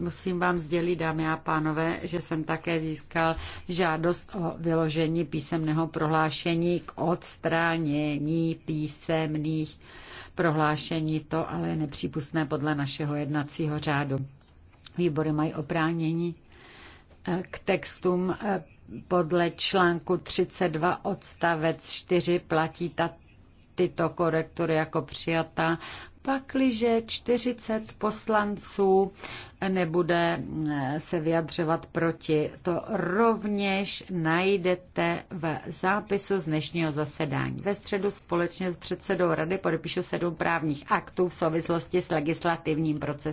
Musím vám sdělit, dámy a pánové, že jsem také získal žádost o vyložení písemného prohlášení k odstránění písemných prohlášení. To ale je nepřípustné podle našeho jednacího řádu. Výbory mají oprávnění eh, k textům eh, podle článku 32 odstavec 4 platí tato tyto korektury jako přijata, pakliže 40 poslanců nebude eh, se vyjadřovat proti. To rovněž najdete v zápisu z dnešního zasedání. Ve středu společně s předsedou rady podepíšu sedm právních aktů v souvislosti s legislativním procesem.